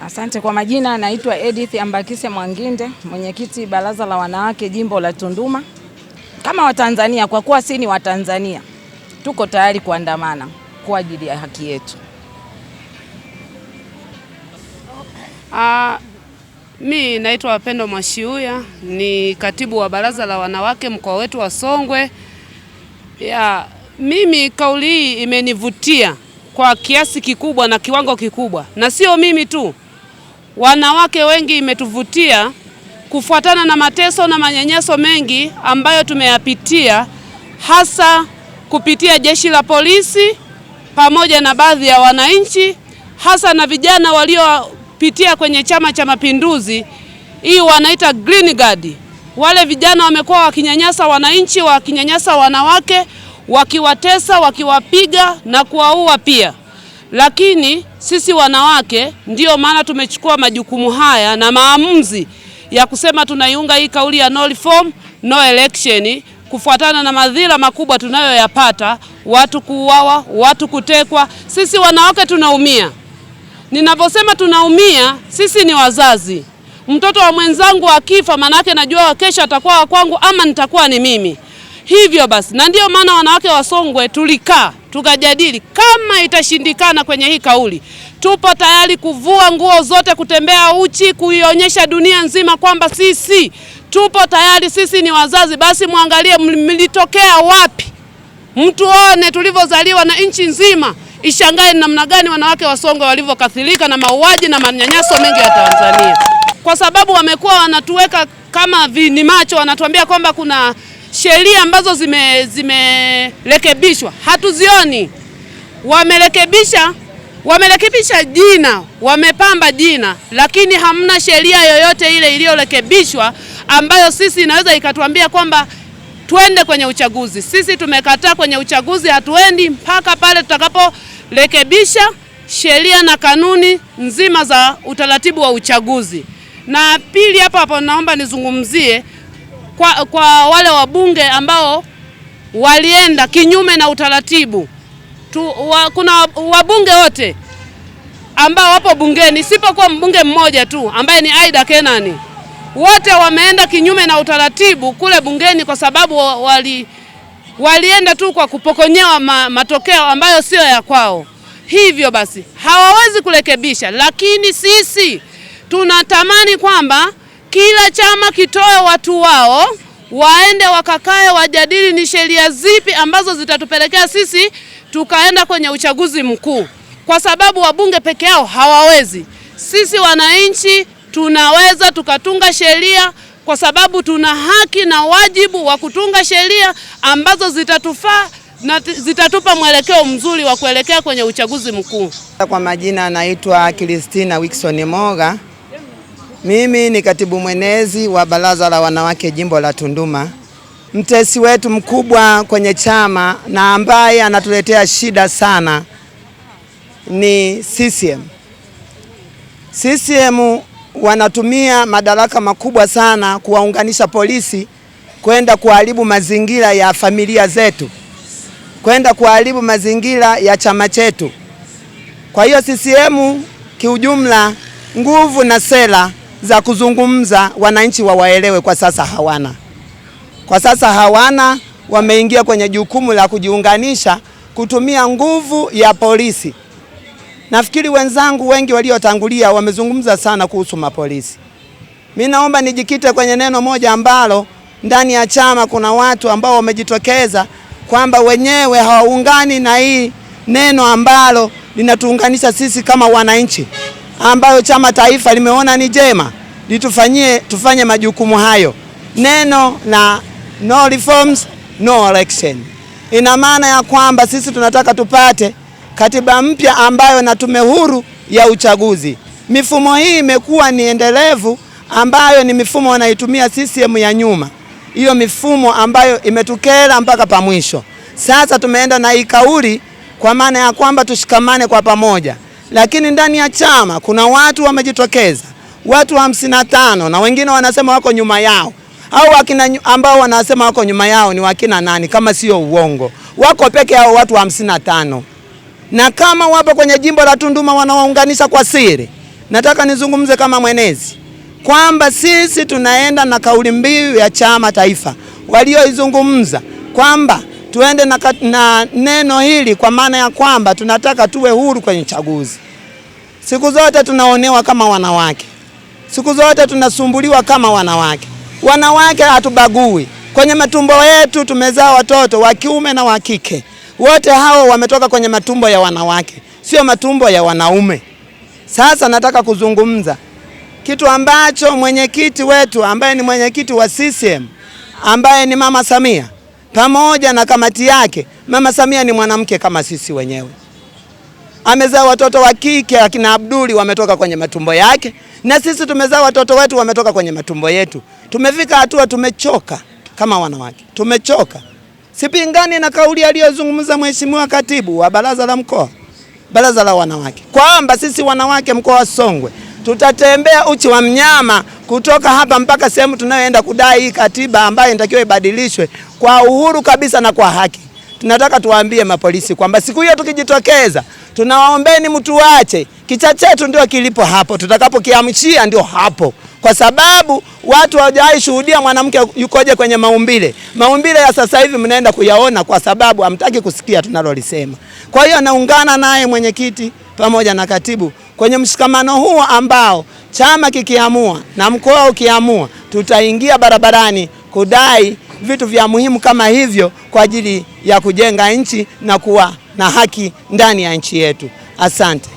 Asante kwa majina, naitwa Edith Ambakise Mwanginde, mwenyekiti baraza la wanawake jimbo la Tunduma. Kama Watanzania, kwa kuwa si ni Watanzania, tuko tayari kuandamana kwa ajili ya haki yetu. Uh, mi naitwa Wapendo Mwashiuya, ni katibu wa baraza la wanawake mkoa wetu wa Songwe. Ya, mimi kauli hii imenivutia kwa kiasi kikubwa na kiwango kikubwa, na sio mimi tu wanawake wengi imetuvutia kufuatana na mateso na manyanyaso mengi ambayo tumeyapitia hasa kupitia jeshi la polisi pamoja na baadhi ya wananchi hasa na vijana waliopitia kwenye Chama cha Mapinduzi, hii wanaita Green Guard. Wale vijana wamekuwa wakinyanyasa wananchi, wakinyanyasa wanawake, wakiwatesa, wakiwapiga na kuwaua pia lakini sisi wanawake ndiyo maana tumechukua majukumu haya na maamuzi ya kusema tunaiunga hii kauli ya no reform no election, kufuatana na madhira makubwa tunayoyapata, watu kuuawa, watu kutekwa. Sisi wanawake tunaumia. Ninavyosema tunaumia, sisi ni wazazi. Mtoto wa mwenzangu akifa, manake najua kesho atakuwa wa kwangu ama nitakuwa ni mimi. Hivyo basi, na ndiyo maana wanawake wa Songwe tulikaa tukajadili. Kama itashindikana kwenye hii kauli, tupo tayari kuvua nguo zote, kutembea uchi, kuionyesha dunia nzima kwamba sisi tupo tayari, sisi ni wazazi. Basi mwangalie mlitokea wapi, mtuone tulivyozaliwa na nchi nzima ishangae namna gani wanawake Wasongo walivyokathirika na mauaji na manyanyaso mengi ya Tanzania, kwa sababu wamekuwa wanatuweka kama vini macho, wanatuambia kwamba kuna sheria ambazo zimerekebishwa zime hatuzioni. Wamerekebisha wamerekebisha jina, wamepamba jina, lakini hamna sheria yoyote ile iliyorekebishwa ambayo sisi inaweza ikatuambia kwamba twende kwenye uchaguzi. Sisi tumekataa kwenye uchaguzi, hatuendi mpaka pale tutakaporekebisha sheria na kanuni nzima za utaratibu wa uchaguzi. Na pili, hapo hapo naomba nizungumzie kwa, kwa wale wabunge ambao walienda kinyume na utaratibu tu, wa, kuna wabunge wote ambao wapo bungeni isipokuwa mbunge mmoja tu ambaye ni Aida Kenani. Wote wameenda kinyume na utaratibu kule bungeni kwa sababu wali, walienda tu kwa kupokonyewa ma, matokeo ambayo siyo ya kwao. Hivyo basi hawawezi kurekebisha, lakini sisi tunatamani kwamba kila chama kitoe watu wao waende wakakae wajadili ni sheria zipi ambazo zitatupelekea sisi tukaenda kwenye uchaguzi mkuu, kwa sababu wabunge peke yao hawawezi. Sisi wananchi tunaweza tukatunga sheria, kwa sababu tuna haki na wajibu wa kutunga sheria ambazo zitatufaa na zitatupa mwelekeo mzuri wa kuelekea kwenye uchaguzi mkuu. Kwa majina anaitwa Kristina Wikson Moga. Mimi ni katibu mwenezi wa baraza la wanawake jimbo la Tunduma, mtesi wetu mkubwa kwenye chama na ambaye anatuletea shida sana ni CCM. CCM wanatumia madaraka makubwa sana kuwaunganisha polisi kwenda kuharibu mazingira ya familia zetu, kwenda kuharibu mazingira ya chama chetu. Kwa hiyo CCM kiujumla, nguvu na sera za kuzungumza wananchi wawaelewe, kwa sasa hawana, kwa sasa hawana. Wameingia kwenye jukumu la kujiunganisha kutumia nguvu ya polisi. Nafikiri wenzangu wengi waliotangulia wamezungumza sana kuhusu mapolisi. Mimi naomba nijikite kwenye neno moja ambalo ndani ya chama kuna watu ambao wamejitokeza kwamba wenyewe hawaungani na hii neno ambalo linatuunganisha sisi kama wananchi, ambayo chama taifa limeona ni jema litufanyie tufanye majukumu hayo. Neno la no reforms no election ina maana ya kwamba sisi tunataka tupate katiba mpya ambayo na tume huru ya uchaguzi. Mifumo hii imekuwa ni endelevu ambayo ni mifumo wanaitumia CCM ya nyuma, hiyo mifumo ambayo imetukera mpaka pa mwisho. Sasa tumeenda na hii kauli kwa maana ya kwamba tushikamane kwa pamoja, lakini ndani ya chama kuna watu wamejitokeza watu hamsini na tano na wengine wanasema wako nyuma yao Hao wakina ambao wanasema wako nyuma yao ni wakina nani? Kama sio uongo, wako peke yao watu hamsini na tano na kama wapo kwenye jimbo la Tunduma wanawaunganisha kwa siri. Nataka nizungumze kama mwenezi kwamba sisi tunaenda na kauli mbiu ya chama taifa walioizungumza kwamba tuende na, na neno hili kwa maana ya kwamba tunataka tuwe huru kwenye chaguzi. Siku zote tunaonewa kama wanawake Siku zote tunasumbuliwa kama wanawake. Wanawake hatubagui, kwenye matumbo yetu tumezaa watoto wa kiume na wa kike, wote hao wametoka kwenye matumbo ya wanawake, sio matumbo ya wanaume. Sasa nataka kuzungumza kitu ambacho mwenyekiti wetu ambaye ni mwenyekiti wa CCM ambaye ni Mama Samia pamoja na kamati yake. Mama Samia ni mwanamke kama sisi wenyewe, amezaa watoto wa kike akina Abduli wametoka kwenye matumbo yake, na sisi tumezaa watoto wetu wametoka kwenye matumbo yetu. Tumefika hatua tumechoka kama wanawake, tumechoka. Sipingani na kauli aliyozungumza mheshimiwa katibu wa baraza la mkoa, baraza la wanawake, kwamba sisi wanawake mkoa wa Songwe tutatembea uchi wa mnyama kutoka hapa mpaka sehemu tunayoenda kudai hii katiba ambayo inatakiwa ibadilishwe kwa uhuru kabisa na kwa haki. Tunataka tuwaambie mapolisi kwamba siku hiyo tukijitokeza tunawaombeni wache Kicha chetu ndio kilipo hapo, tutakapokiamshia ndio hapo, kwa sababu watu hawajawahi shuhudia mwanamke yukoje kwenye maumbile. Maumbile ya sasa hivi mnaenda kuyaona, kwa sababu hamtaki kusikia tunalolisema. Kwa hiyo naungana naye mwenyekiti pamoja na katibu kwenye mshikamano huo ambao chama kikiamua na mkoa ukiamua, tutaingia barabarani kudai vitu vya muhimu kama hivyo kwa ajili ya kujenga nchi na kuwa na haki ndani ya nchi yetu. Asante.